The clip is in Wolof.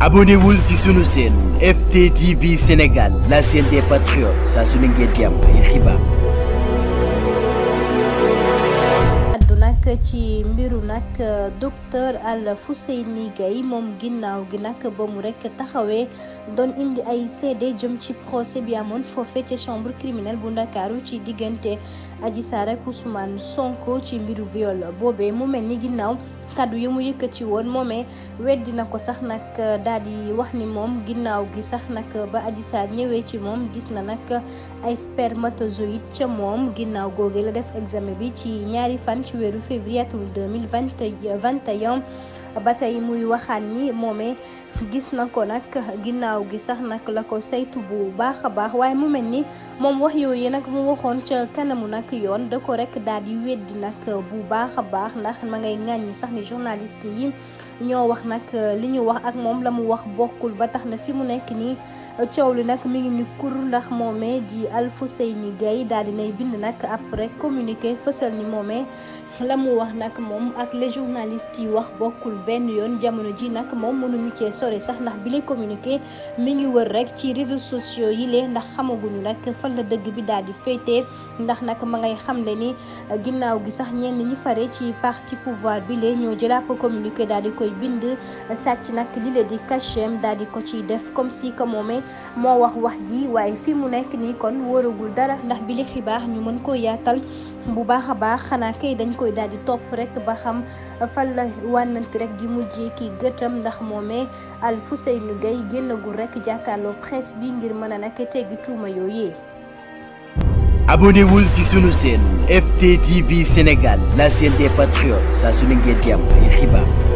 abonnez-vous qui ci sunu chaîne FTTV Sénégal la chaîne des patriotes saa su ne ngeen jàmm ay ci mbiru nak euh, docteur Alfouseyni Gaye mom ginnaw gi nak bamou rek taxawé doon indi ay cd jëm ci procès bi amone fofé ci chambre criminelle bu ndakaaru ci diggante Adji Sarr Ousmane Sonko ci mbiru viol boobee mu melni ginnaw kaddu yi mu yëkkati woon moomee weddi na ko sax nag daal di wax ni moom ginnaaw gi sax nag ba Adji Sarr ñëwee ci moom gis na nag ay spermatozoïde ca moom ginnaaw góor googe la def examen bi ci ñaari fan ci weeru février vingt 2021 ba tey muy waxaat ni moomee gis na ko nag ginnaaw gi sax nag la ko saytu bu baax a baax waaye mu mel ni moom wax yooyu nag mu waxoon ca kanamu nag yoon da ko rek daal di weddi nag bu baax a baax ndax ma ngay ŋàññi sax ni journaliste yi ñoo wax nag li ñu wax ak moom la mu wax bokkul ba tax na fi mu nekk nii coow li nag mi ngi ñu kur ndax moomee di Alfousseyni Gaye daal di nay bind nag après communiqué fësal ni moomee la mu wax nag moom ak les journalistes yi wax bokkul benn yoon jamono ji nag moom mënuñu cee sore sax ndax bi lay communiqué mi ngi wër rek ci réseaux sociaux yi lee ndax xamaguñu nag fan la dëgg bi daal di féetee ndax nag ma ngay xamle ni ginnaaw gi sax ñenn ñi fare ci parti pouvoir bi lee ñoo jëlaat ko daal di koy bind sàcc nag li di cachem daal di ko ciy def comme si que moomee moo wax wax ji waaye fi mu nekk nii kon wóoragul dara ndax bi li xibaar ñu mën koo yaatal bu baax a baax xanaa kay dañ koy daal di topp rek ba xam fan la wànnante rek gi mujjee ki gëtam ndax moomee Alfousseynou gay génnagul rekk jàkkaarloo presse bi ngir mën a nag teggi tuuma yooyee abonnewul ci sunu chaîne FTTV Sénégal la chaîne des patriotes saa su ne ngeen ay xibaar